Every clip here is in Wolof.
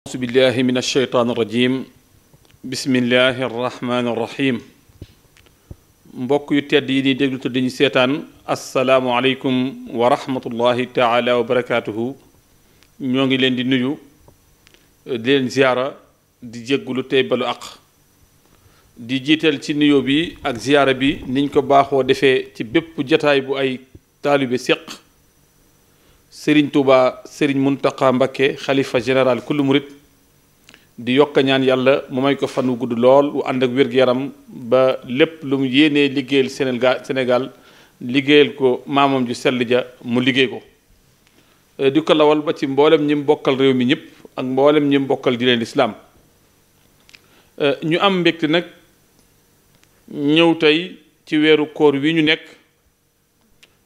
أعوذ بالله من الشيطان الرجيم بسم الله الرحمن الرحيم mbokk yu tedd yi ni déglu te dañu seetaan asalaamualeykum wa rahmatullahi taala wa barakaatuhu ñoo ngi leen di nuyu di leen ziyaara di jéggulu tey balu aq di jiital ci nuyoo bi ak ziyaara bi niñ ko baaxoo defee ci bépp jataay bu ay taalibe séq Serigne Touba Serigne Mountakha Mbacké xalifa général kullu murit di yokk ñaan yàlla mu may ko fan wu gudd lool wu ànd ak wér yaram ba lépp lu mu yéenee liggéeyal Sénégal Sénégal liggéeyal ko maamam ju sell ja mu liggéey ko. Euh, di ko lawal ba ci mboolem ñi mu réew mi ñëpp ak mbooleem ñi mu bokkal di leen islaam euh, ñu am mbégte nag ñëw tey ci weeru koor wi ñu nekk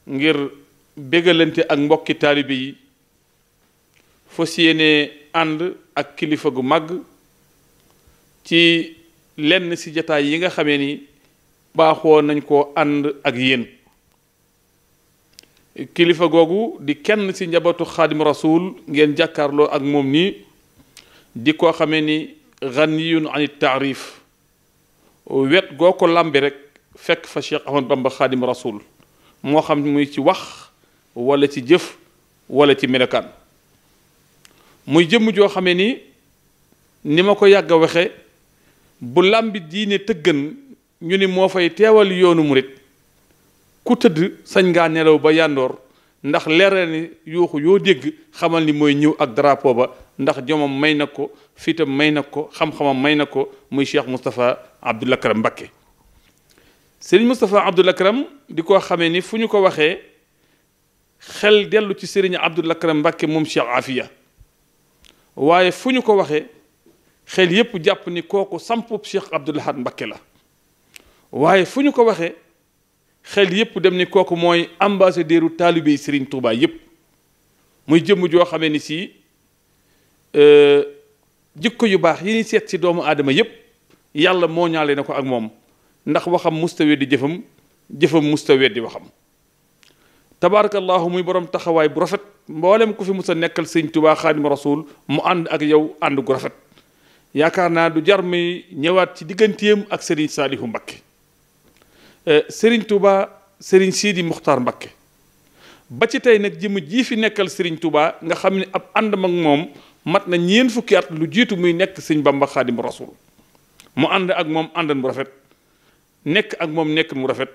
ngir. bégalante ak mbokki taalibe yi fas yéene ànd ak kilifa gu mag ci lenn ci jataay yi nga xame ni baaxoo nañ koo ànd ak yéen kilifa googu di kenn ci njabatu xaadim rasuul ngeen jàkkaarloo ak moom nii di koo xamee ni ganiyun anit taarif wet goo ko làmbi rek fekk fa Cheikh Ahmad Bamba xaadim rasul moo xam muy ci wax wala ci jëf wala ci melokaan muy jëmm joo xame ni ni ma ko yàgg a waxe bu làmbi diine tëggan ñu ni moo fay teewal yoonu murit ku tëdd sañ ngaa nelaw ba yandoor ndax leeral ni yuuxu yoo dégg xamal ni mooy ñëw ak drapeau ba ndax jomam may na ko fiitam may na ko xam-xamam may na ko muy Cheikh Moustapha Abdoul Akram Mbacké Serigne Moustapha Abdoul Akram di ko xamee ni fu ñu ko waxee خل ديالو تي سيرين عبد الله كرم باك موم شيخ عافيه واي فوني كو واخي خل ييب جاب ني كوكو سامبو شيخ عبد الله باك لا واي فوني كو واخي خل ييب ديم ني كوكو موي امباسادير طالبي سيرين توبا ييب موي جيم جو خامي سي ا جيكو يو سيت سي دومو ادمه ييب يالا مو نيالي نكو مستوي دي جيفم جيفم مستوي دي واخام tabaarakallaahu muy borom taxawaay bu rafet mboolem ku fi musa nekkal sëñ tubaa xaadima rasul mu ànd ak yow ànd gu rafet yaakaar naa du jar mi ñëwaat ci digganteem ak Serigne Saalihu Mbakke Serigne Touba Serigne Sidi Muxtaar Mbakke ba ci tey nag jëmm jii fi nekkal Serigne Touba nga xam ne ab ànd mag moom mat na ñeen fukki at lu jiitu muy nekk sëñ Bamba Xaadimu Rasul mu ànd ak moom àndan mu rafet nekk ak moom nekk mu rafet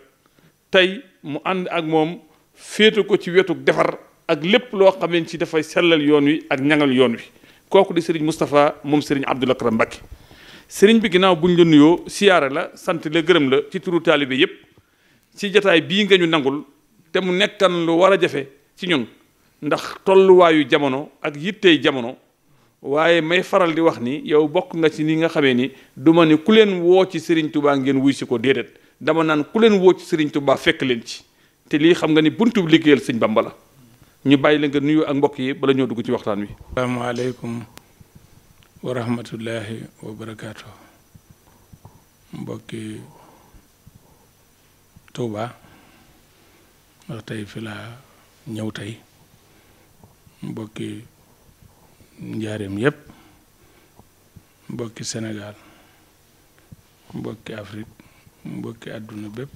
tey mu ànd ak moom féete ko ci wetu defar ak lépp loo xamee ci dafay sellal yoon wi ak ñangal yoon wi kooku di sëriñ Moustapha moom sëriñ Abdoul Akram Mbacké sëriñ bi ginnaaw buñ la nuyoo siyaare la sant la gërëm la ci turu taalibe yépp ci jataay bii nga ñu nangul te mu nekkan lu war a jafe ci ñun ndax tolluwaayu jamono ak yittey jamono waaye may faral di wax ni yow bokk nga ci ni nga xamee ni du ma ni ku leen woo ci sëriñ Touba ngeen wuy si ko déedéet dama naan ku leen woo ci sëriñ Touba fekk leen ci te lii xam nga ni buntu liggéeyal siñ Bamba la ñu bàyyi la nga nuyu ak mbokk yi bala ñoo dugg ci waxtaan wi. asalaamaaleykum wa rahmatullahi wa barakaatu mbokki Touba ndax tey fi ñëw tey mbokki njaareem yépp mbokki Sénégal mbokki Afrique mbokki àdduna bépp.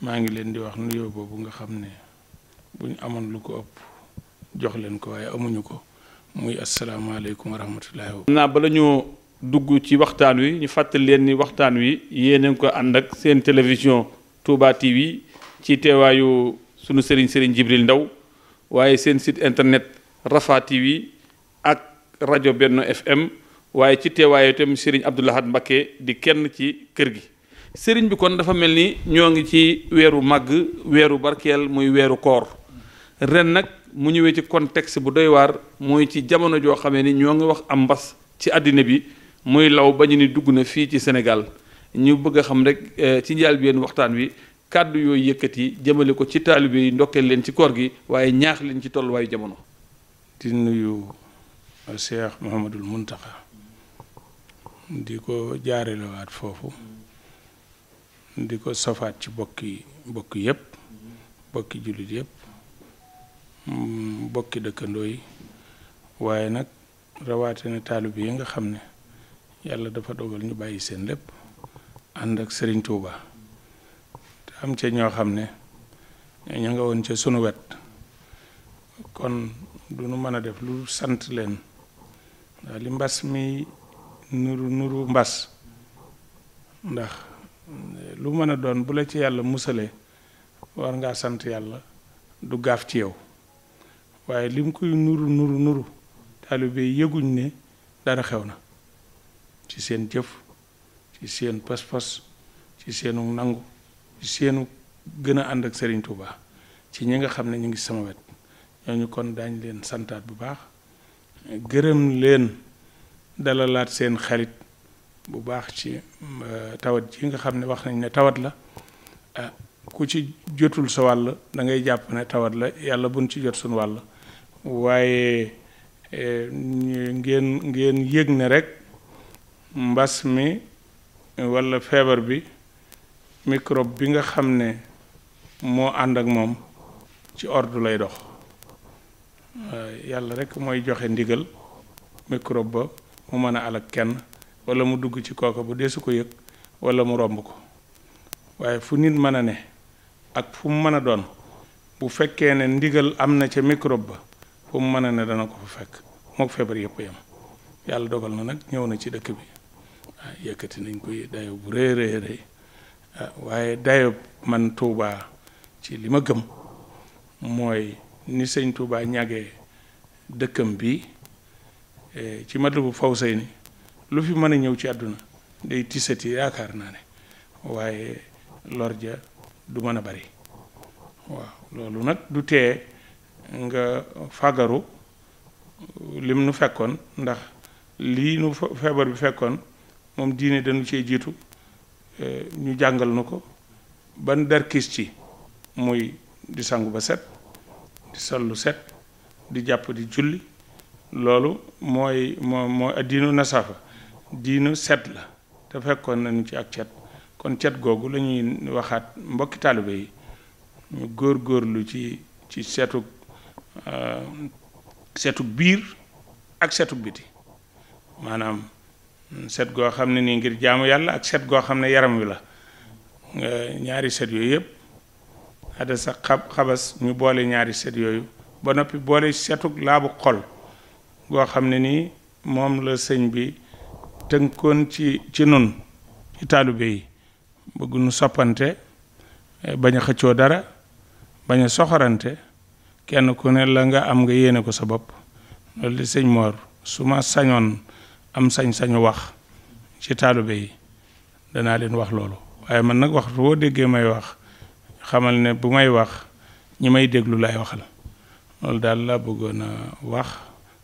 maa ngi leen di wax nuyoo boobu nga xam ne buñ amoon lu ko ëpp jox leen ko waaye amuñu ko muy asalaamaaleykum wa rahmatullahi wa naa bala ñu dugg ci waxtaan wi ñu fàttali leen ni waxtaan wi yéen ko ànd ak seen télévision Touba TV ci teewaayu sunu Serigne Serigne Jibril Ndaw waaye seen sit internet Rafa TV ak rajo Benno FM waaye ci teewaayu itam Serigne Abdoul Ahad Mbacké di kenn ci kër gi. sëriñ bi kon dafa mel ni ñoo ngi ci weeru màgg weeru barkeel muy weeru koor ren nag mu ñëwee ci contexte bu doy waar mooy ci jamono joo xamee ni ñoo ngi wax am mbas ci àddina bi muy law ba ñu ni dugg na fii ci senegal ñu bëgg a xam rek eh, ci njaal bi yéen waxtaan wi kàddu yooyu yi jëmale ko ci taalibe yi ndokkeel leen ci koor gi waaye ñaax leen ci tolluwaayu jamono. di nuyu Cheikh Mouhamadul Mountakha di ko jaarelewaat foofu. di ko sofaat ci bokki bokk yépp bokki jullit yépp mm, bokki dëkkandoo yi waaye nag rawatina taalibe yi nga xam ne yàlla dafa dogal ñu bàyyi seen lépp ànd ak Serigne Touba te am ca ñoo xam ne ñu nga woon ca sunu wet kon du nu mën a def lu sant leen ndax li mbas mi nuru nuru mbas ndax. lu mën a doon bu la ci yàlla musalee war sant yàlla du gaaf ci yow waaye lim koy nuru nuru nuru taalibe yëguñ ne dara xew na ci seen jëf ci seen pas ci seenu nangu ci seenu gën a ànd ak Serigne Touba ci ñi nga xam ne ñu ngi sama wet ñooñu kon daañ leen santaat bu baax gërëm leen dalalaat seen xarit bu baax ci euh, tawat ji nga xam ne wax nañ ne tawat la euh, ku ci jotul sa wàll dangay jàpp ne tawat la yàlla buñ ci jot suñ wàll waaye euh, ngeen ngeen yëg ne rek mbas mi walla feebar bi microbe bi nga xam ne moo ànd ak moom ci ordre lay dox yàlla rekk mooy joxe ndigal microbe ba mu mën a alak kenn wala mu dugg ci kooka bu dee su ko yëg wala mu romb ko waaye fu nit mën a ne ak fu mu mën a doon bu fekkee ne ndigal am na ca microbe ba fu mu mën a ne dana ko fa fekk mook feebar yëpp yam yàlla dogal na nag ñëw na ci dëkk bi yëkkati nañ koy dayo bu rëy rëy waaye dayo man Tuubaa ci li ma gëm mooy ni sëñ Tuubaa ñagee dëkkam bi eh, ci Matlaboul Fawzayni lu fi mën a ñëw ci àdduna day tisati yaakaar naa ne waaye lor ja du mën a bari waaw loolu nag du tee nga fagaru lim nu fekkoon ndax lii nu feebar bi fekkoon moom diine dañu cee jiitu eh, ñu jàngal na ko ban darkis ci muy di sangu ba set di sollu set di jàpp di julli loolu mooy moo mooy addinu nasafa diinu set la te fekkoon nañu ci ak cet kon cet googu la ñuy waxaat mbokki taalibe yi ñu góor góor lu ci ci setu euh, setu biir ak setu biti maanaam set goo xam ne nii ngir jaamu yàlla ak set goo xam ne yaram wi la ñaari set yooyu yëpp ada sa xab xabas ñu boole ñaari set yooyu ba noppi boole setuk laabu xol goo xam ne nii moom la sëñ bi tënkoon ci ci nun ci taalibe yi bëgg nu soppante eh, bañ a xëccoo dara bañ a soxorante kenn ku ne la nga am nga yéene ko sa bopp loolu di sëñ Mor su ma sañoon am sañ-sañu wax ci taalibe yi danaa leen wax loolu waaye man nag wax boo déggee may wax xamal ne bu may wax ñi may déglu lay waxal loolu daal laa bëggoon a wax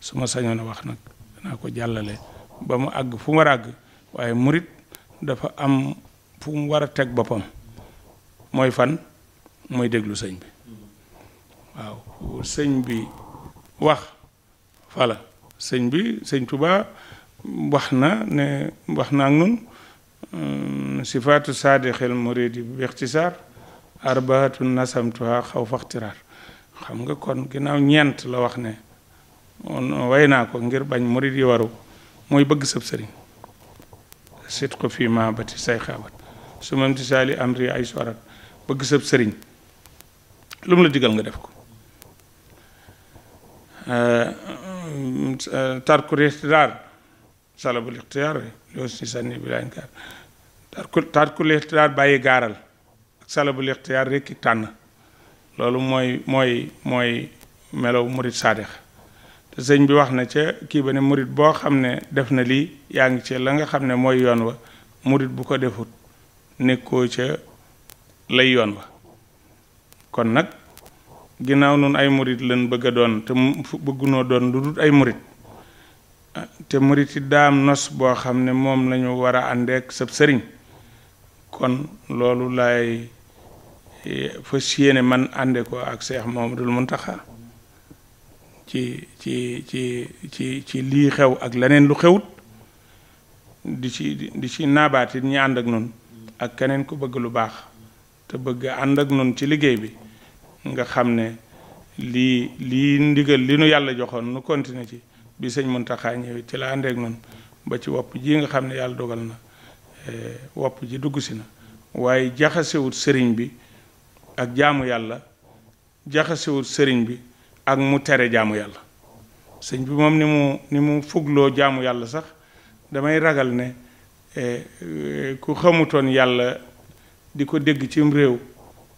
su ma sañoon a wax nag danaa ko jàllale ba mu àgg fu mu war a àgg waaye murit dafa am fu mu war a teg boppam mooy fan mooy déglu sëñ bi waaw sëñ bi wax fala sëñ bi sëñ Tuba wax na ne wax naa ak nun euh, sifaatu saadixil muridi bi ixtisaar arbaatu nasamtuha xaw faxtiraar xam nga kon ginnaaw ñeent la wax ne way naa ko ngir bañ murit yi waru moy bëgg sëb sëriñ sét ko fi ma ba ti say xaawat su mam ci sali amri ay sorat bëgg sëb sëriñ lum la digal nga def ko euh tarku rehtar salabu ixtiyaar lo ci sànni bi lañ kaar tarkul tarkul ixtidaar bàyyi gaaral ak salabul ixtiyaar rekki tànn loolu mooy mooy mooy melow murit saadex sëñ bi wax na ca kii ba ne morit boo xam ne def na lii yaa ngi ca la nga xam ne mooy yoon wa murit bu ko defut nekkoo ca lay yoon wa kon nag ginnaaw nun ay morit lañ bëgg doon te bëggunoo doon lu dul ay morit te murit yi daam nos boo xam ne moom lañu war a àndeek sab sëriñ kon loolu laay eh, fas yéene man ànde ko ak Seex Muhammadul Muntaxa ci ci ci ci lii xew ak leneen lu xewut di ci di ci naabaat it ñi ànd ak nun ak keneen ku bëgg lu baax te bëgg ànd ak nun ci liggéey bi nga xam ne lii lii ndigal li nu yàlla joxoon nu continuer ci bi sëñ Muntaxa ñëwee ci la àndeek nun ba ci wopp ji nga xam ne yàlla dogal na eh, wopp ji dugg si na waaye jaxasewut sëriñ bi ak jaamu yàlla jaxasewut sëriñ bi ak mu tere jaamu yàlla sëñ bi moom ni mu ni mu fugloo jaamu yàlla sax damay ragal ne eh, eh, ku xamutoon yàlla di ko dégg cim réew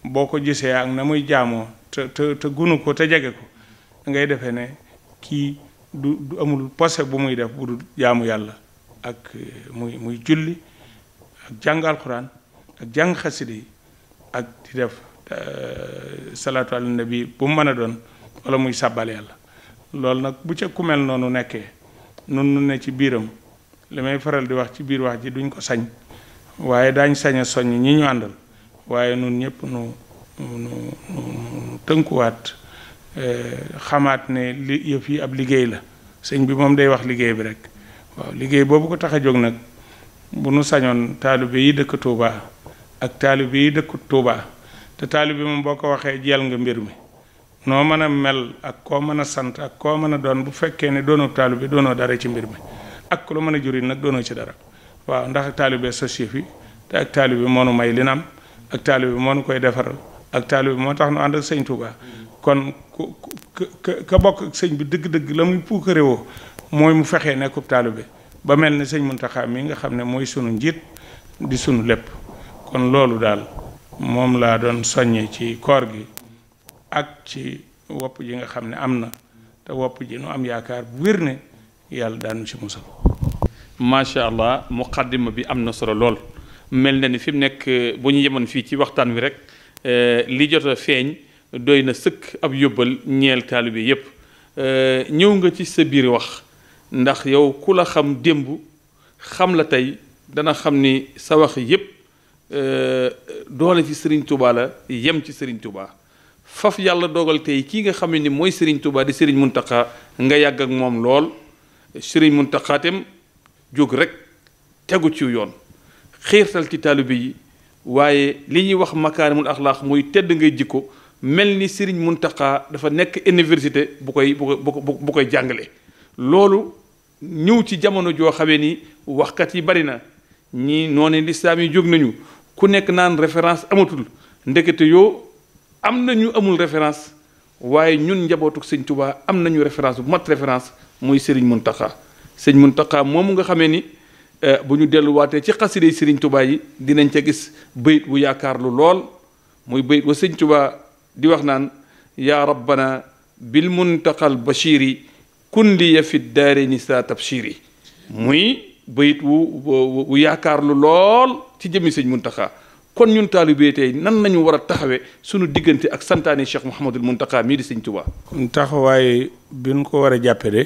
boo ko gisee ak na muy jaamoo te te te gunu ko te jege ko ngay defee ne kii du du amul posé bu muy def bu du jaamu yàlla ak eh, muy muy julli ak jàng alxuraan ak jàng xasida yi ak di def salaatu ala nabi bu mu mën a doon wala muy sabbal yalla loolu nak bu ci ku mel nonu nekké nun nu ne ci biram limay faral di wax ci bir wax ji duñ ko sañ waye dañ sañe soñ ñi ñu andal waye nun ñepp nu nu euh xamaat ne li yëf yi ab liggey la señ bi mom day wax liggey bi rek waaw liggey bobu ko jog nak bu nu sañon talibé yi dekk Touba ak talibé yi dekk Touba te talibé mom boko ko jël nga mbir mi noo mën a mel ak koo mën a sant ak koo mën a doon bu fekkee ne doonoo taalibe doonoo dara ci mbir mi ak ku la mën a juri nag doonoo ci dara waaw ndax ak taalibe sa siif yi te ak taalibe moo nu may li naam ak taalibe nu koy defaral ak taalibe moo tax nu ànd ak sëñ Touba kon ku ka bokk ak sëñ bi dëgg-dëgg la muy puukare mooy mu fexee nekkub taalibe ba mel ni sëñ Muntaxa mi nga xam ne mooy sunu njiit di sunu lépp kon loolu daal moom laa doon soññe ci koor gi ak ci wopp ji nga xam ne am na te wopp ji nu am yaakaar bu wér ne yàlla daanu ci musal macha allah muqaddima bi am na solo lool mel na ni fi mu nekk bu ñu yemoon fii ci waxtaan wi rek eh, li jot a feeñ doy na sëkk ab yóbbal ñeel taalibe yépp eh, ñëw nga ci sa biir wax ndax yow ku la xam démb xam la tey dana xam ni sa wax yépp eh, doole ci Serigne Touba la yem ci Serigne Touba. faf yàlla dogal tey kii nga xam ni mooy Serigne Touba di Serigne Mountakha nga yàgg ak moom lool sëriñ Mountakha tam jóg rek tegu ci yoon xiirtal ci taalibe yi waaye li ñuy wax ak axlaax muy tëdd ngay jikko mel ni Serigne Mountakha dafa nekk université bu koy bu ko bu koy jàngale loolu ñëw ci jamono joo xamee ni waxkat yi bari na ñii noonu lislaam yi jóg nañu ku nekk naan référence amatul ndekete yoo am na ñu amul référence waye ñun njabotuk tuksin touba am nañu référence mat référence moy serigne muntaka serigne muntaka mom nga xamé ni eh, bu ñu waté ci xasida serigne touba yi dinañ ca gis bayit bu yaakaarlu lol moy bayit wa serigne touba di wax naan ya rabbana bil muntaqal bashiri kun li fi daareni sa tabshiri moy bayit wu wu lu lol ci jëmi serigne muntaka kon ñun taalibe tey nan nañu war a taxawee suñu diggante ak santaani santaane Cheikh Mouhamadul Mountakha mii di sëñ Tuubaa kon taxawaay bi ñu ko war a jàppe de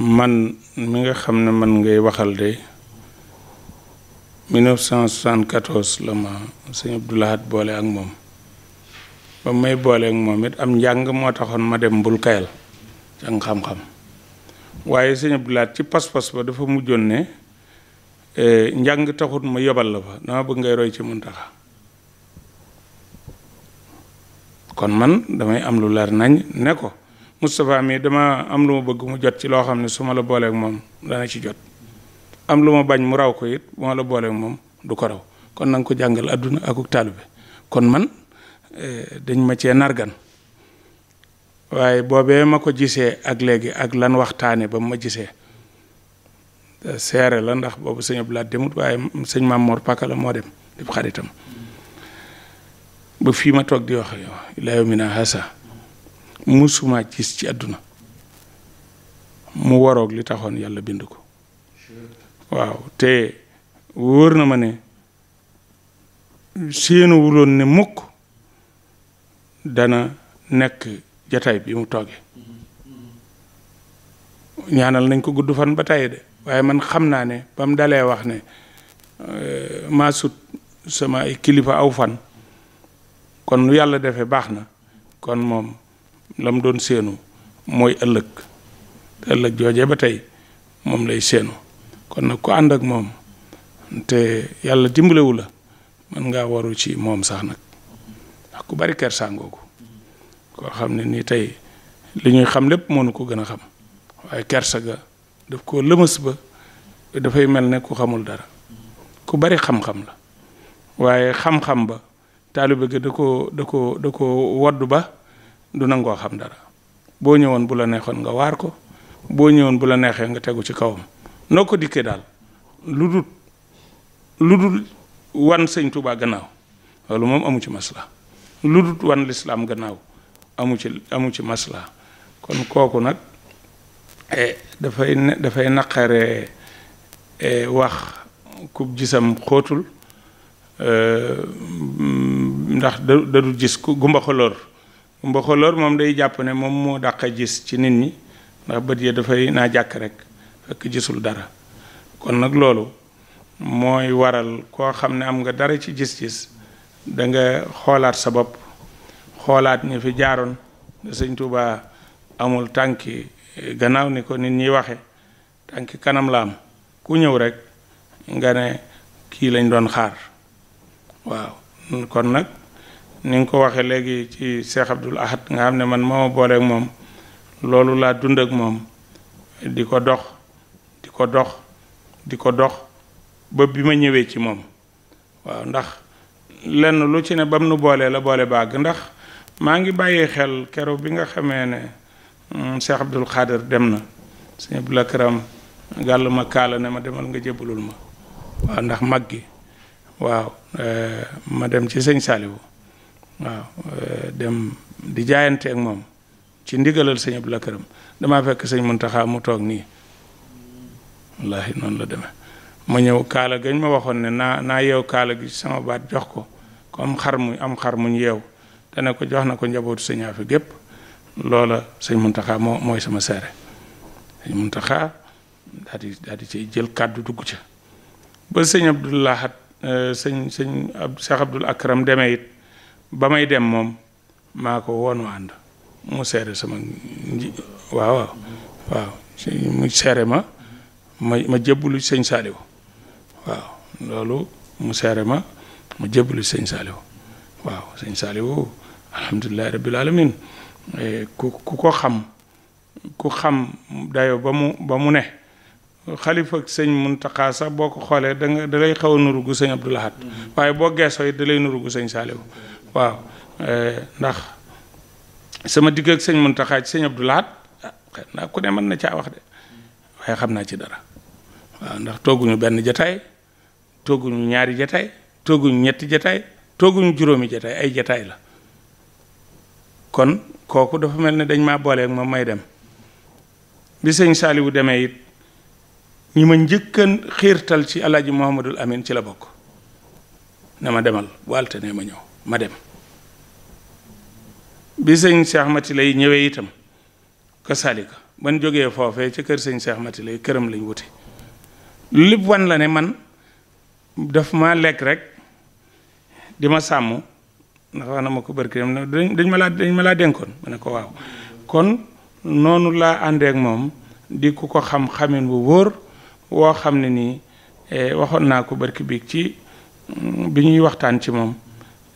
man mi nga xam ne man ngay waxal de 1974 la ma sëñ Abdou boole ak moom ba may boole ak moom it am njàng moo taxoon ma dem mbul kayal jàng xam-xam waaye sëñ Abdou ci pas-pas ba dafa mujjoon ne Eh, njàng taxut ma yobal la fa dama bëgg ngay roy ci mun muntaxa kon man damay am lu leer nañ ne ko Moustapha mii dama am lu ma bëgg mu jot ci loo xam ne suma la booleeg moom dana ci jot am lu ma bañ mu raw ko it bu ma la booleeg moom du ko raw kon na ko jàngal àdduna akuk taalibe kon man eh, dañ ma cee nargan waaye boobee ma ko gisee ak léegi ak lan waxtaane ba mu ma gisee seere la ndax boobu sëñ Abdou Lahad demut waaye sëñ Maam Mor Paka la moo dem di xaritam ba fii ma toog di wax yow ilaa yawminaa haazaa musuma gis ci àdduna mu waroog li taxoon yàlla bind ko waaw te wóor na ma ne séenu wuloon ne mukk dana nekk jataay bi mu toogee ñaanal nañ ko gudd fan ba tàyyi de waaye man xam naa ne ba mu dalee wax ne euh, maa sut sama ay kilifa aw fan kon lu yàlla defee baax na kon moom la mu doon séenu mooy ëllëg te ëllëg jooje ba tey moom lay séenu kon nag ku ànd ak moom te yàlla dimbalewu la mën ngaa waru ci moom sax nag ndax ku bari ker sàngoogu koo xam ne nii tey li ñuy xam lépp mënu ko gën a xam waaye kersa ga daf ko lëmës ba dafay mel ne ku xamul dara ku bari xam-xam la waaye xam-xam ba taalibe ga da ko da ko da ko wodd ba du nangoo xam dara boo ñëwoon bu la neexoon nga waar ko boo ñëwoon bu la neexee nga tegu ci kawam noo ko dikkee daal lu dul lu dul wan sëñ Tuubaa gannaaw loolu moom amu ci masla lu dul wan lislaam gannaaw amu ci amu ci masla kon kooku nag dafay dafay naqare e, wax ku gisam xóotul e, ndax da dadu gis ku gumba xoloor gumba xoloor moom day jàpp ne moom moo dàq gis ci nit ñi ndax bët ya dafay naa jàkk rek fekk gisul dara kon nag loolu mooy waral koo xam ne am nga dara ci gis-gis da nga xoolaat sa bopp xoolaat ñi fi jaaroon da sëñ Tuubaa amul tànki gannaaw ni ko nit ñi waxe tànki kanam la am ku ñëw rek nga ne kii lañ doon xaar waaw kon nag ni nga ko waxe léegi ci Cheikh Abdoul Ahad nga xam ne man moo ma booleek moom loolu laa dund ak moom di ko dox di ko dox di ko dox ba bi ma ñëwee ci moom waaw ndax lenn lu ci ne bam nu boolee la boole bàgg ndax maa ngi bàyyi xel keroog bi nga xamee ne Mm, Cheikh Abdul Xaadir dem na sëñ Abdul Akram gàll ma kaala ne ma demal nga jébbalul ma waaw ndax mag gi waaw eh, ma dem ci sëñ Saaliwu waaw eh, dem di jaayante ak moom ci ndigalal sëñ Abdul Akram damaa fekk sëñ Muntaxa mu toog nii wallaahi noonu la demee ma ñëw kaala gañ ma waxoon ne naa naa yeew kaala gi sama baat jox ko comme xar mu am xar muñ yeew te ne ko jox na ko njabootu sëñ Afi gépp loola sëñ Muntaxa moo mooy sama seere sëñ Muntaxa daal di daal di jël kàddu dugg ca ba sëñ Abdul Lahat eh, sëñ sëñ Cheikh Abdul Akram demee it ba may dem moom maa ko woonu ànd mu seere sama nji waaw waaw waaw mu seere ma ma ma jëbbulu sëñ Saaliw waaw loolu mu ma ma jëbbulu sëñ Saaliw waaw alhamdulillahi rabbil alamin Eh, ku ko xam ku xam dayo ba mu ba mu ne xalifa ak sëñ Muntaxa sax boo ko xoolee da nga da a nuru gu sëñ Abdul Ahad mm-hmm. waaye boo geesoo it da lay nuru gu sëñ Saaliw waaw eh, ndax sama digg ak sëñ Muntaxa ci sëñ Abdul Ahad ah, ndax ku ne mën na caa wax de waaye xam naa ci dara waaw ndax tooguñu benn jataay tooguñu ñaari jataay tooguñu ñetti jataay tooguñu juróomi jataay ay jataay la kon kooku dafa mel ne dañ ma booleeg moom may dem bi sëñ Saaliwu demee it ñi ma njëkka xiirtal ci alaaji Muhammadul Amin ci la bokk ne ma demal bu altine ma ñëw ma dem bi sëñ Cheikh Mati lay ñëwee itam ko salika ban jógee foofee ca kër sëñ ma Mati lay këram lañ wuti lépp wan la ne man daf ma lekk rek di ma sàmm ndax wax na ma ko barki ne dañ ma laa dañ ma laa dénkoon ne ko waaw kon noonu laa àndee moom di ku ko xam xamin bu wóor woo xam ne nii eh, waxoon naa ko barki biig ci mm, bi ñuy waxtaan ci moom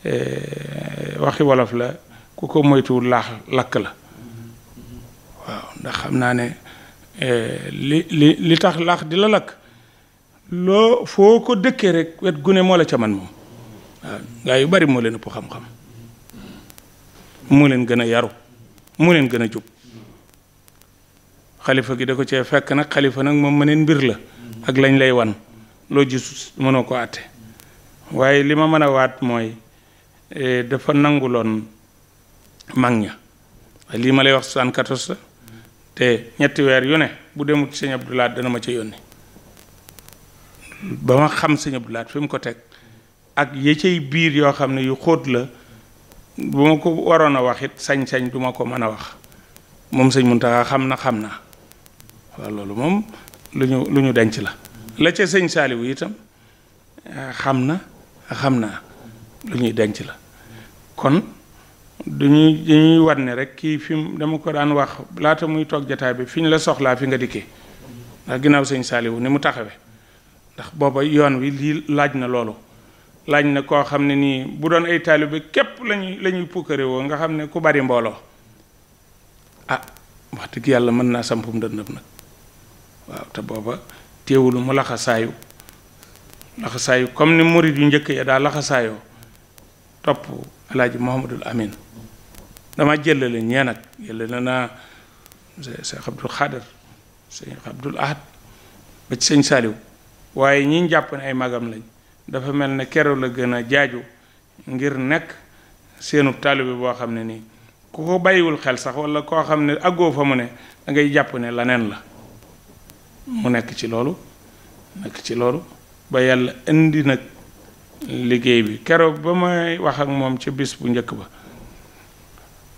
eh, waxi wolof la ku ko moytuwul laax lakk la waaw ndax xam naa ne eh, li li li tax laax di la lakk loo foo ko dëkkee rek wet gune moo la ca man moom waaw yu bari moo leen ëpp xam-xam moo leen gën a yaru moo leen gën a jub xalifa gi da ko cee fekk nag xalifa nag moom mëneen mbir la ak lañ lay wan loo gis mënoo ko àtte waaye li ma mën a waat mooy e, dafa nangu loon mag ña waaye lii ma lay wax 74 te ñetti weer yu ne bu demul sëñ Abdou Lahad dana ma ca yónni ba ma xam sëñ Abdou Lahad fi ko teg ak ya cay biir yoo xam ne yu xóot la bu ma ko waroon a wax it sañ-sañ du ma ko mën a wax moom sëñ Muntaxa xam na xam na loolu moom lu lu ñu denc la la ca sëñ Saaliwu itam eh, xam na xam naa lu ñuy denc la kon duñuy ñuy war ne rek kii fi mu dama ko daan wax laata muy toog jataay bi fi ñu la soxlaa fi nga dikkee ndax ginnaaw sëñ Saaliwu ni mu taxawe ndax booba yoon wi lii laaj na loolu laaj na koo xam ne nii bu doon ay taalibe képp lañuy la ñuy pukkare woo nga xam ne ku bari mbooloo ah wax dëgg yàlla mën naa sampum dëndëm nag waaw te booba téewulu mu laxasaayu laxasaayu comme ni murid yu njëkk ya daa laxasaayoo topp alaaji Mouhamadul Amin dama jëlale ñee nag jëlale naa Cheikh Abdoul Khader Cheikh Abdoul Ahad ba ci sëñ Saliou waaye ñi jàpp ne ay magam lañ dafa mel na keroo la gën a jaaju ngir nekk seenub taalibe boo xam ne nii ku ko bàyyiwul xel sax walla koo xam ne àggoo fa mu ne da ngay jàpp ne leneen la mu nekk ci loolu nekk ci loolu ba yàlla indi nag liggéey bi keroog ba may wax ak moom ca bis bu njëkk ba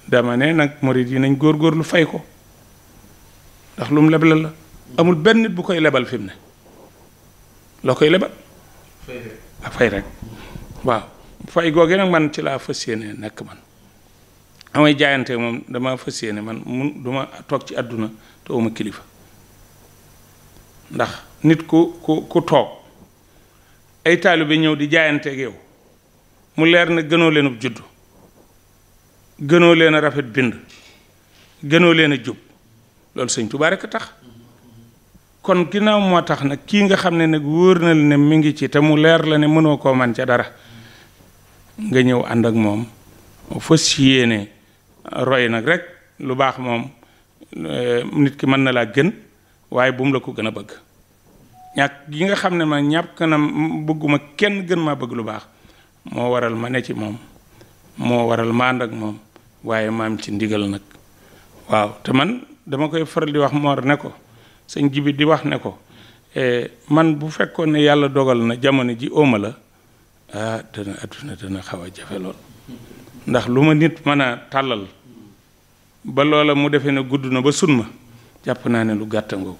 dama nag murid yi nañ góor góorgóorlu fay ko ndax lu mu leble la amul benn nit bu koy lebal fim mu ne loo koy lebal a ah, fay rek waaw fay googee nag man ci laa fas yéene nekk man amay jaayante moom dama fas yéene man mun duma toog ci àdduna te uma kilifa ndax nit ku ku ku toog ay taalibe ñëw di jaayante ak mu leer na gënoo leen juddu gënoo leen a rafet bind gënoo leen a jub loolu sëñ Tuubaa rekk a tax kon ginaaw moo tax nag kii nga xam ne nag wóor na la ne mi ngi ci te mu leer la ne mënoo koo man ca dara nga ñëw ànd ak moom fas yéene roy nag rek lu baax moom eh, nit ki mën na laa gën waaye bu mu la ko gën a bëgg ñàkk gi nga xam ne ma ñàkk na bëgguma kenn gën maa bëgg lu baax moo waral ma ne ci moom moo waral ma ànd ak moom waaye ma ci ndigal nag waaw te man dama koy faral di wax moor ne ko sëñ jibi di wax ne ko eh, man bu fekkoon ne yàlla dogal na jamono ji o la ah dana aduna dana xaw a jafe lool ndax lu ma nit mën a tàllal ba loola mu defee ne gudd na ba sun ma jàpp ne lu gàtta nga ko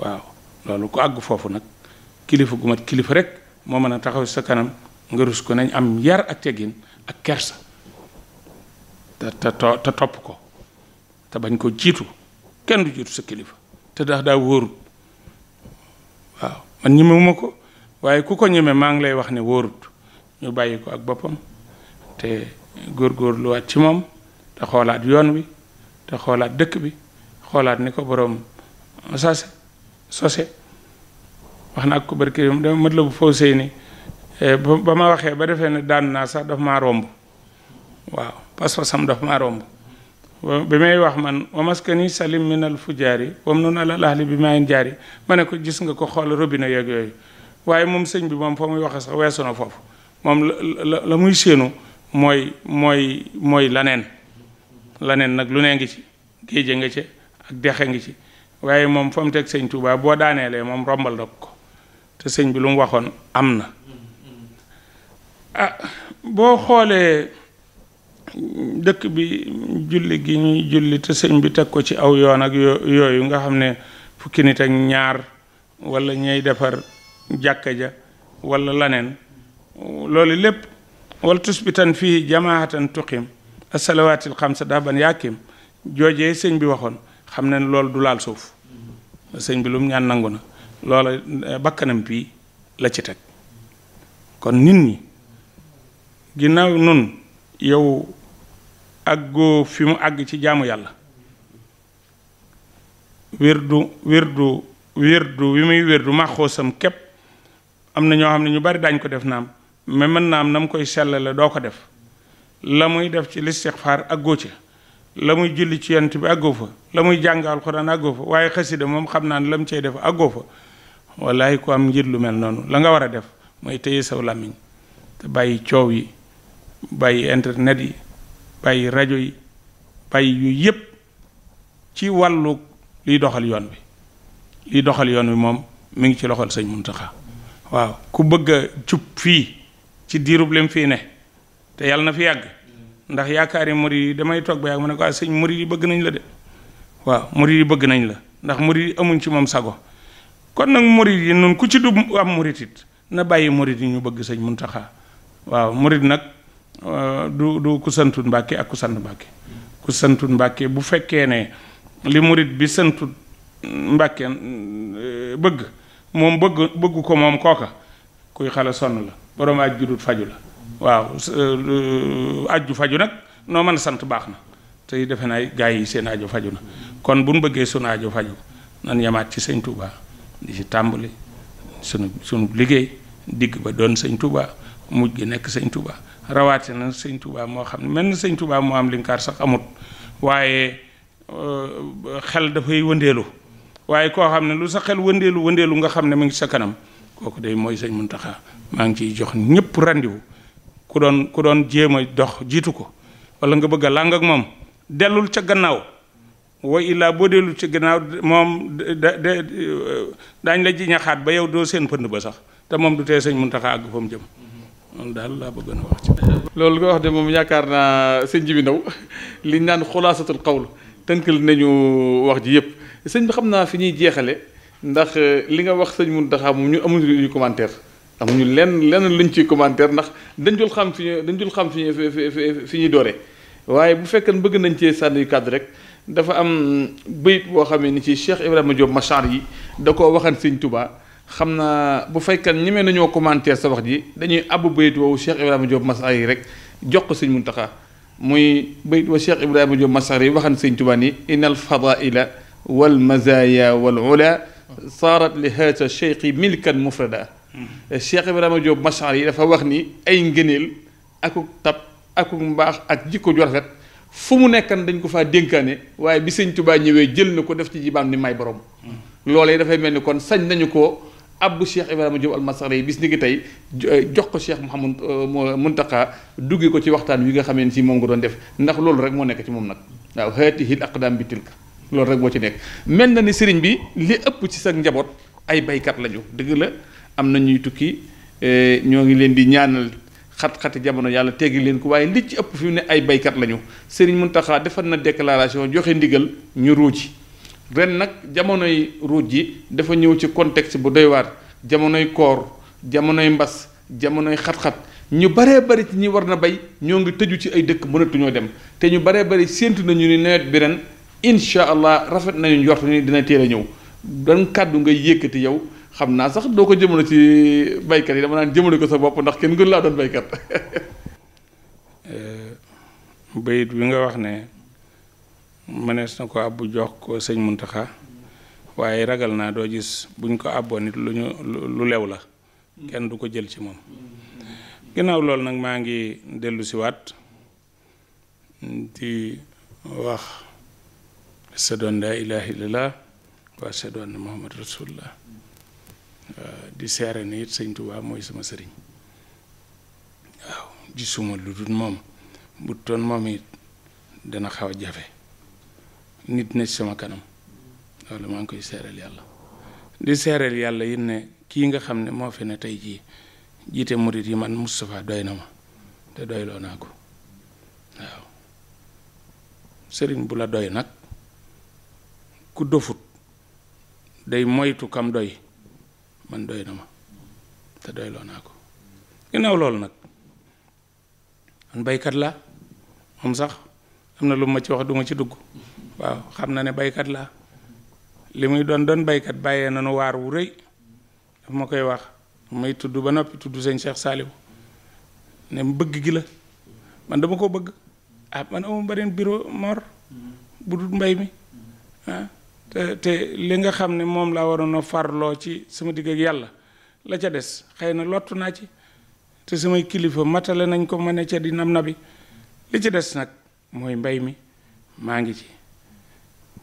waaw loolu ku àgg foofu nag kilifa gu mat kilifa rek moo mën a taxaw sa kanam nga rus ko nañ am yar ak tegin ak kersa ta ta ta topp ko te bañ ko jiitu kenn du jiitu sa kilifa te ndax daa wóorut waaw man ñemewuma ko waaye ku ko ñeme maa ngi lay wax ne wóorut ñu bàyyi ko ak boppam te góorgóorluwaat ci moom te xoolaat yoon wi te xoolaat dëkk bi xoolaat ni ko boroom sase sose wax na ak ko barki dama la bu faw sëy ni eh, ba ma waxee ba defee ne daan naa sax daf maa romb waaw pas-pasam daf maa romb bi may wax man wa maskani salim min al fujaari wam nun alal ahli bi maayin jaari ma ne ko gis nga ko xool robinet yeeg yooyu waaye moom sëñ bi moom fa muy waxe sax weesu na foofu moom la la muy séenu mooy mooy mooy laneen laneen nag lu nee ngi ci géeje nga ci ak dexe ngi ci waaye moom fa mu teg sëñ Tuubaa boo daaneelee moom rombal na ko te sëñ bi lu mu waxoon am na ah boo xoolee dëkk bi julli gi ñuy julli te sëñ bi teg ko ci aw yoon ak yooyu nga xam ne fukki nit ak ñaar wala ñay defar jàkka ja wala laneen loolu lépp wala tusbitan fii jamaatan tuqim asalawaatil xamsa daban yaakim joojee sëñ bi waxoon xam ne loolu du laal suuf sëñ bi lu mu ñaan nangu na loola eh, bakkanam la ci teg kon nit ñi ginnaaw nun yow àggoo fi mu àgg ci jaamu yàlla wirdu wirdu wirdu wi muy màqo maxoosam képp am na ñoo xam ne ñu bari daañ ko def naam mais mën naa am na mu koy sellale doo ko def la muy def ci listixfaar àggoo ca la muy julli ci yant bi àggoo fa la muy jàng alxuraan àggoo fa waaye xasida moom xam naa ne la mu cay def àggoo fa wallahi ku am njiit lu mel noonu la nga war a def mooy téye saw làmmiñ te bàyyi coow yi bàyyi internet yi bàyyi rajo yi bàyyi yu yépp ci wàllu liy doxal yoon bi liy doxal yoon bi moom mi ngi ci loxol sëñ Muntaxa waaw ku bëgg a jub fii ci diirub lim fii ne te yàlla na fi yàgg ndax yaakaar yaakaari murid yi damay toog ba yàgg ma ne ko ah, sëñ murid yi bëgg nañ la de waaw murid yi bëgg nañ la ndax murid yi amuñ ci moom sago kon nag murid yi noonu ku ci du am murid it na bàyyi murid yi ñu bëgg sëñ Muntaxa waaw murid nag Euh, du du ku santut mbàkke ak ku sant mbàkke ku santut mbàkke bu fekkee ne li murit bi santut mbàkke mm, euh, bëgg moom bëgg bëgg ko moom kooka kuy xale sonn la borom aj ju dut faju la waaw euh, aj ju faju nag noo mën a sant baax na tey defe naa gars yi seen aajo faju na kon bu nu bëggee sunu aajo faju nan yamaat ci sëñ Touba di ci tàmbali sunu sunu liggéey digg ba doon sëñ Touba mujj gi nekk sëñ Touba rawatina sëñ Touba moo xam ne mel na sëñ moo am linkaar sax amut waaye euh, xel dafay wëndeelu waaye koo xam ne lu sa xel wëndeelu wëndeelu nga xam ne mu ngi sa kanam kooku day mooy sañ Muntaxa maa ngi ciy jox ñëpp randiwu ku doon ku doon jéem a dox jiitu ko walla nga bëgg a làng ak moom dellul ca gannaaw wa illaa boo dellul ca gannaaw moom da daañ la ji ñaxaat ba yow doo seen pënd ba sax te moom du tee sëñ Muntaxa àgg fa mu jëm loolu daal laa bëggoon a wax ci. loolu nga wax de moom yaakaar naa sëñ ji bi ndaw liñ naan xulaasatul xawlu tënkal nañu wax ji yëpp sëñ bi xam naa fi ñuy jeexale ndax li nga wax sëñ Mountakha moom ñu amuñu lu ñu commentaire amuñu lenn lenn luñ ciy commentaire ndax dañ dul xam fi ñu dañ dul xam fi ñu fi ñuy dooree waaye bu fekkee bëgg nañ cee sànni kàddu rek dafa am bayit boo xamee ni ci Cheikh Ibrahima Diop Machar yi da koo waxan sëñ Touba. xam bu fay kan ñime nañu commenter sa wax ji dañuy abou bayit woowu Cheikh Ibrahima Diop Massar rek jox ko seigne Muntaxa muy bayit wa Cheikh Ibrahima Diop Massar waxan seigne touba ni inal fadaila wal mazaya wal ula sarat li hata cheikhi milkan mufrada Cheikh Ibrahima Diop Massar dafa wax ni ay ngeenel akuk tap akuk mbax ak jikko ju rafet fu mu nekkan dañ ko fa denkané waye bi seigne touba ñewé jël nako def ci jibam ni may borom lolé da fay melni kon sañ nañu ko abbu Cheikh Ibrahima Diop almasara yi bis ni ki tey eh, jox ko Cheikh Mouhamad eh, Muntaqa dugge ko ci waxtaan wi nga xamee ne si moom nga doon def ndax loolu rek moo nekk ci moom nag waaw haatihil aqdaam bi tilka loolu rek moo ci nekk mel na ni sëriñ bi li ëpp ci sa njaboot ay baykat lañu dëgg la am na ñuy tukki eh, ñoo ngi leen di ñaanal xat-xati jamono yàlla teggi leen ko waaye ndi ci ëpp fi mu ne ay baykat lañu sëriñ Muntaqa defal na déclaration joxe ndigal ñu ruuji ren nag jamonoy ruuj ji dafa ñëw ci contexte bu doy waar jamonoy koor jamonoy mbas jamonoy xat-xat ñu baree bari ci ñi war na bay ñoo ngi tëju ci ay dëkk mënatuñoo dem te ñu baree bari séentu nañu ni nawet bi ren incha allah rafet nañu njort ni dina teel a ñëw dan kàddu ngay yëkkati yow xam naa sax doo ko jëmale ci baykat yi dama naan jëmale ko sa bopp ndax kenn gën laa doon baykat. bayit bi nga wax ne. manes na ko abu jox ko señ muntaxa waye ragal na do gis buñ ko àbboo nit luñu lu lew la kenn du ko jël ci mom ginaaw lol nak maangi delu ci wat di wax ashadu an laa ilaha illallah wa ashadu muhammad rasulullah di seere ni señ sëñ moy sama sëriñ waaw gisuma lu mom bu ton moom dana xaw a nit ne sama kanam loolu maa ngi koy seeral yàlla di seeral yàlla it ne kii nga xam ne moo fi ne tey jii jiite murit yi man mustapha doy na ma te doyloo naa ko waaw sëriñ bu la doy nag ku dofut day moytu kam doy man doy na ma te doyloo naa ko ginnaaw loolu nag man baykat laa moom sax am na lu ma ci wax duma ci dugg waaw xam na ne baykat la li muy doon doon baykat bàyyee nanu waar wu rëy daf ma koy wax may tudd ba noppi tudd sëñ Cheikh Saliou ne bëgg gi la man dama ko bëgg ah man amu bareen bureau mor bu dut mbay mi ah te te li nga xam ne moom laa waroon a farloo ci sama digg ak yàlla la ca des xëy na lottu naa ci te samay kilifa matale nañ ko ma ne ca di nam nabi li ci des nag mooy mbay mi maa ngi ci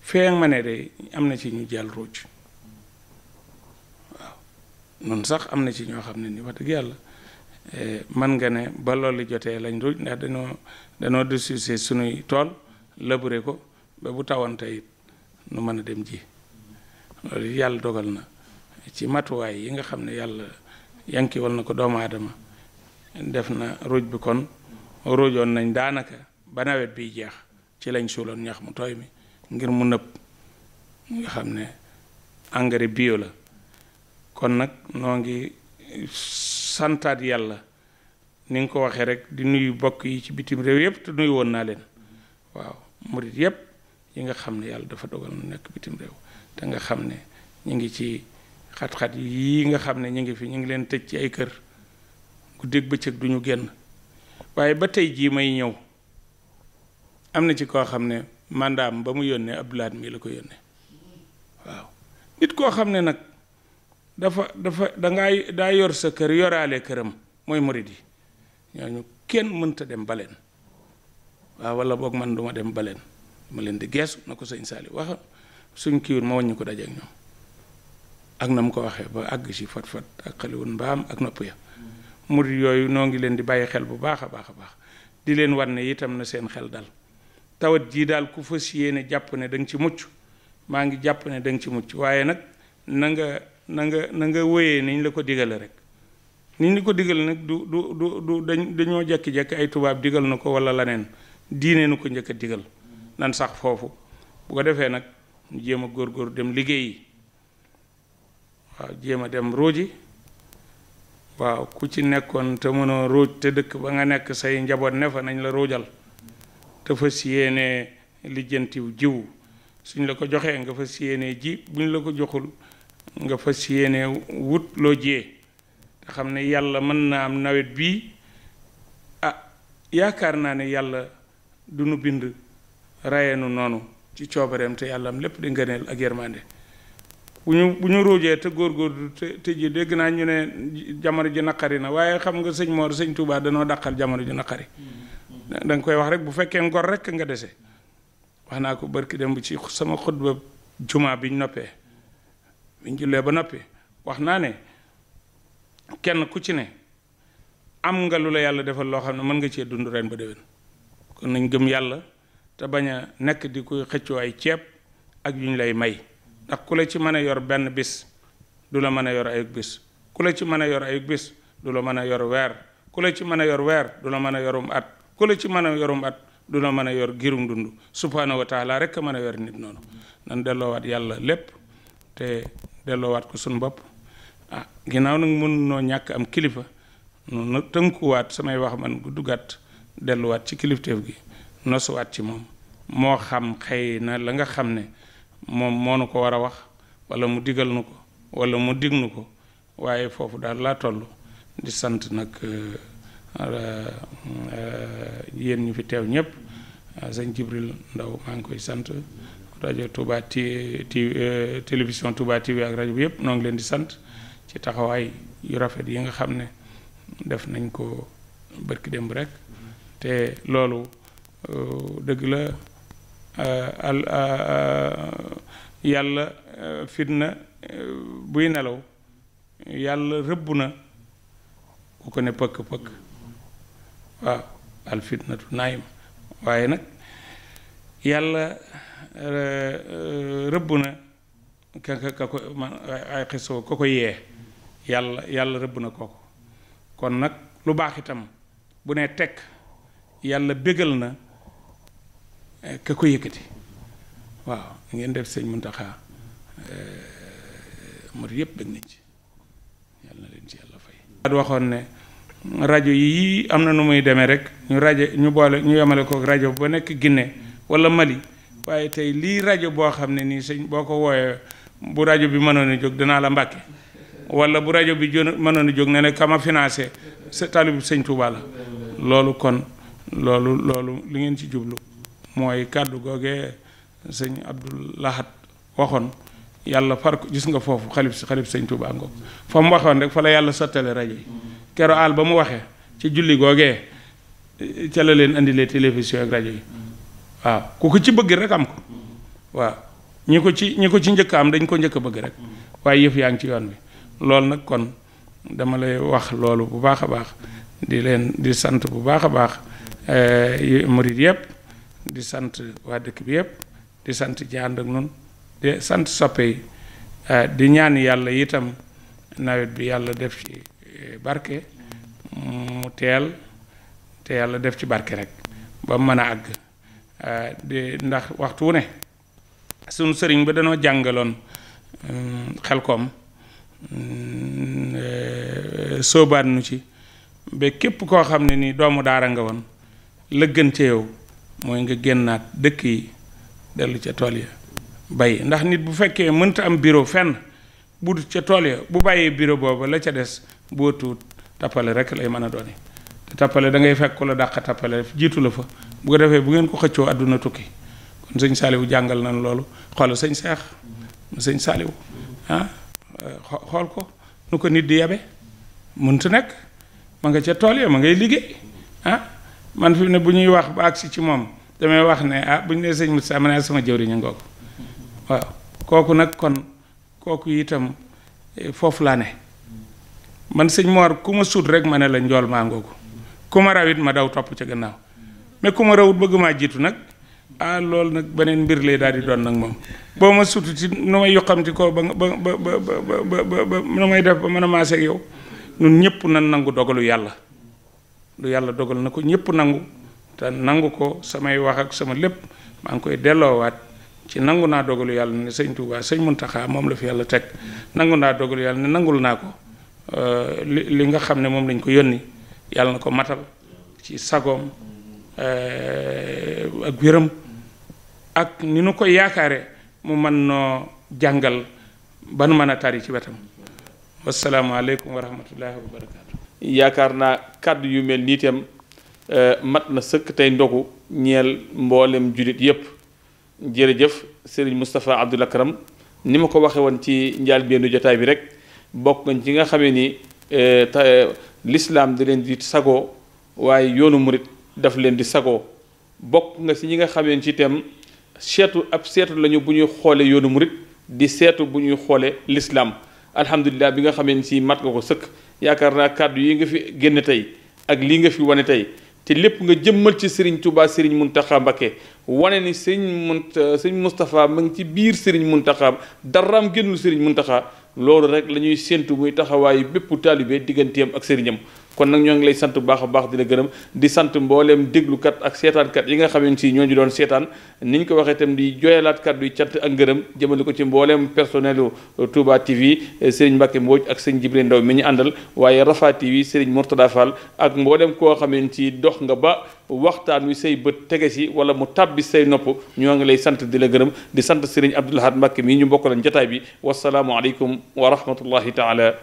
feeŋ ma ne de am na ci ñu jàll ruuj waaw noonu sax am na ci ñoo xam ne ni wax dëgg yàlla eh, man nga ne ba loolu jotee lañ ruuj ndax dañoo dañoo desusee sunuy tool labure ko ba bu tawante it nu mën a dem ji loolu yàlla dogal na ci matuwaay yi nga xam ne yàlla yankiwal na ko doomu aadama def na ruuj bi kon ruujoon nañ daanaka ba nawet biy jeex ci lañ suuloon ñax mu tooy mi ngir mu nëpp nga xam ne engrais bio la kon nag noo ngi santaat yàlla ni nga ko waxee rek di nuyu bokk yi ci bitim réew yépp te nuyu woon naa leen waaw murit yépp yi nga xam ne yàlla dafa dogal nu nekk bitim réew te nga xam ne ngi ci xat-xat yi nga xam ne ngi fi ñi ngi leen tëj ci ay kër guddeeg bëccëg duñu génn waaye ba tey jii may ñëw am na ci koo xam ne Mandam ba mu yonne abdulaat mi la ko yonne waaw nit ko xamne ne dafa dafa dafa nga da yor sa keur yorale keuram moy mouride ñu ken kenn mënta dem balen waaw wala bok man duma dem balen ma len di gess nako ko sëñ wax suñ kiiwul ma wagn ko dajje ak ñom ak nam ko waxe ba ag ci fat fat ak xaliwun mbaam ak nopp ya murid yoyu no ngi len di baye xel bu baakha baakha baax di len wan itam na seen xel dal tawat jii daal ku fas yéene jàpp ne da ci mucc maa ngi jàpp ne da ci mucc waaye nag na nga nanga na nga wéyee niñ la ko digale rek niñ la ko digale nag du du du dañ dañoo jekki-jekki ay tubaab digal na ko wala leneen diine nu ko njëkk digal nan sax foofu bu ko defee nag ñu jéem a góorgóor dem liggéeyi waaw jéem a dem ruuji waaw ku ci nekkoon te mënoo ruuj te dëkk ba nga nekk say njaboot ne fa nañ la ruujal te fas yéene lijjantiw jiw suñ la ko joxee nga fas yéene ji buñ la ko joxul nga fas yéene wut loo jiyee te xam ne yàlla mën naa am nawet bii ah yaakaar naa ne yàlla du nu bind rayeenu noonu ci coobareem te yàlla am lépp di ngëneel ak yërmande bu ñu bu ñu ruujee te góorgóorlu te te ji dégg naa ñu ne jamono ji naqari na waaye xam nga sëñ Mor sëñ Touba danoo dàqal jamono ji naqari hmm. dang koy wax rek bu fekke ngor rek nga dese waxna ko barki dem ci sama khutba juma biñ noppé biñ jullé ba noppé waxna né ne kenn ku ci né am nga lu la yàlla defal loo xam ne nga ci dund ren ba déwén kon nañ gëm yalla te baña nek di koy xëccu ay ciép ak yuñ lay may ndax ku ci yor ben bis du la yor ay bis ku la ci yor ay bis du la yor weer ku la ci mën yor weer du la yorum at ku la ci mën yorum at du na mën yor girum dund subhanahu wa taala rek a mën a yor nit noonu nan delloowaat yàlla lépp te delloowaat ko sun bopp ah ginnaaw nag mun no ñàkk am kilifa nu tënkuwaat samay wax man gudd gàtt delluwaat ci kilifteef gi nosuwaat ci moom moo xam xëy na la nga xam ne moom moo nu ko war a wax wala mu digal nu ko wala mu dig nu ko waaye foofu daal laa di sant nag euh, Euh, euh, yéen ñu fi teew ñëpp euh, sëñ Jibril Ndaw maa ngi koy sant rajo Touba ti ti télévision Touba TV ak rajo bi yëpp noo ngi leen di sant ci taxawaay yu rafet yi nga xam ne def nañ ko bërki démb rek te loolu dëgg la al yàlla fitna buy nelaw yàlla rëbb na ku ko ne pëkk-pëkk waaw ah, alfitnatu naayima waaye nag yàlla eh, rëbb na ka ka ko man ay xisoo ko ko yee yàlla yàlla rëbb na kooku kon nag lu baax itam bu ne tekk yàlla bégal na eh, ka ko yëkkati waaw ngeen def sëñ Muntaxa eh, mot yëpp bëgg nañ yàlla na leen ci yàlla fay. waxoon ne. rajo yii am na nu muy demee rek ñu rajo ñu boole ñu yemale kook rajo ba nekk ginne wala Mali waaye tey lii rajo boo xam ne nii sëñ boo ko wooyee bu rajo bi mënoon a jóg danaa la mbàkke wala bu rajo bi jón mënoon a jóg ne ne kama financé sa talib sëñ Touba la loolu kon loolu loolu li ngeen ci jublu mooy kàddu googee sëñ Abdou Lahad waxoon yalla far ko gis nga fofu khalif khalif seigne touba ngo fam fa rek fa la yalla sotale rajo kero al ba mu waxee ci julli goge ci la leen indilee television ak radio wa ku ko ci beug rek am ko wa ñi ko ci ñi ko ci ñeuk am dañ ko ñeuk beug rek way yef yaang ci yoon bi loolu nak kon dama lay wax loolu bu baakha a baax di len di sante bu baax a baax eh, murid yëpp di sante wa dekk bi yëpp di sante jand ak sant soppe yi eh, di ñaan yàlla itam nawet bi yàlla def ci eh, barke mu teel te yàlla def ci barke rek ba mën a àgg eh, di ndax waxtu ne sunu sëriñ ba danoo jàngaloon mm, koom mm, soobaat nu ci ba képp koo xam ne ni doomu daara nga woon lëggante yow mooy nga génnaat dëkk yi dellu ca tool ya bay ndax nit bu fekkee mënta am bureau fenn bu dut ca tool ya bu bàyyee bureau booba la ca des boo tuut tappale rek lay mën a doone te tappale da ngay fekk dàq tappale jiitu la fa bu ko defee bu ngeen ko xëccoo àdduna tukki kon sëñ Saliou jàngal nañ loolu xoolal sañ Seex sëñ Saliou ah xool ko nu ko nit di yabe mënta nekk ma nga ca tool ya ma ngay liggéey ah man fi ne bu ñuy wax ba agsi ci moom damay wax ne ah bu ñu nee sëñ mu ma ne ah, sama jëwriñ a ngoo waaw kooku nag kon kooku itam eh, foofu laa ne man sëñ Mor ku ma sut rek ma ne la njool maa ko ku ma rawit ma daw topp ca gannaaw mais ku ma rawut bëgg maa jiitu nag ah loolu nag beneen mbir lay daal di doon nag moom boo ma sututi nu may yoxamti ko ba ba ba ba ba nu def ba man a maase ak yow ñun ñëpp nan nangu dogalu yàlla lu yàlla dogal na ko ñëpp nangu te nangu ko samay wax ak sama lépp maa ngi koy delloowaat ci nangu naa dogalu yàlla ne sëñ Touba sëñ Muntaxa moom la fi yàlla teg nangu naa dogalu yàlla ne nangul naa ko euh, li li nga xam ne moom lañ ko yónni yàlla na ko matal ci sagoom euh, ak wéram ak ni nu ko yaakaare mu man noo jàngal ba nu mën a tari ci wetam wasalaamaaleykum wa rahmatullahi wa yaakaar naa kàddu yu mel nii itam euh, mat na sëkk tey ndogu ñeel mboolem jullit yépp jërëjëf Serigne Moustapha Abdoul Akram ni ma ko waxee woon ci njaal benn jotaay bi rek bokk nañ ci nga xamee ni eh, eh, l'islam da leen di sagoo waaye yoonu murit daf leen di sagoo bokk nga si ñi nga xamee ci itam seetu ab seetu lañu bu ñuy xoole yoonu murit di seetu bu ñuy xoole l'islam alhamdulilah bi nga xamee ni si mat nga ko sëkk yaakaar naa kàddu yi nga fi génn tey ak lii nga fi wane tey ci lépp nga jëmmal ci Serigne Touba Serigne Mountakha Mbacké wane ni Serigne Mount euh, Serigne Moustapha ma ngi ci biir Serigne Mountakha daraam génnul Serigne Mountakha loolu rek la ñuy séentu muy taxawaayu bépp taalibe digganteem ak sëriñam kon nag ñoo ngi lay sant bu baax a baax di la gërëm di sant mbooleem déglukat ak seetaankat yi nga xamante ñoo ñu doon seetaan ni ñu ko waxee itam di jooyalaat kàddu yi ak ngërëm jëmale ko ci mbooleem personnelu Touba TV Serigne Mbacke Mbodj ak Serigne Jibril Ndaw mi ñu àndal waaye Rafa TV Serigne Mourtada Fall ak mbooleem koo xamante ni dox nga ba waxtaan wi say bët tege si wala mu tàbbi say nopp ñoo ngi lay sant di la gërëm di sant Serigne Abdoul Ahad mii ñu bokk lañ jotaay bi wasalaamualeykum wa rahmatullahi taala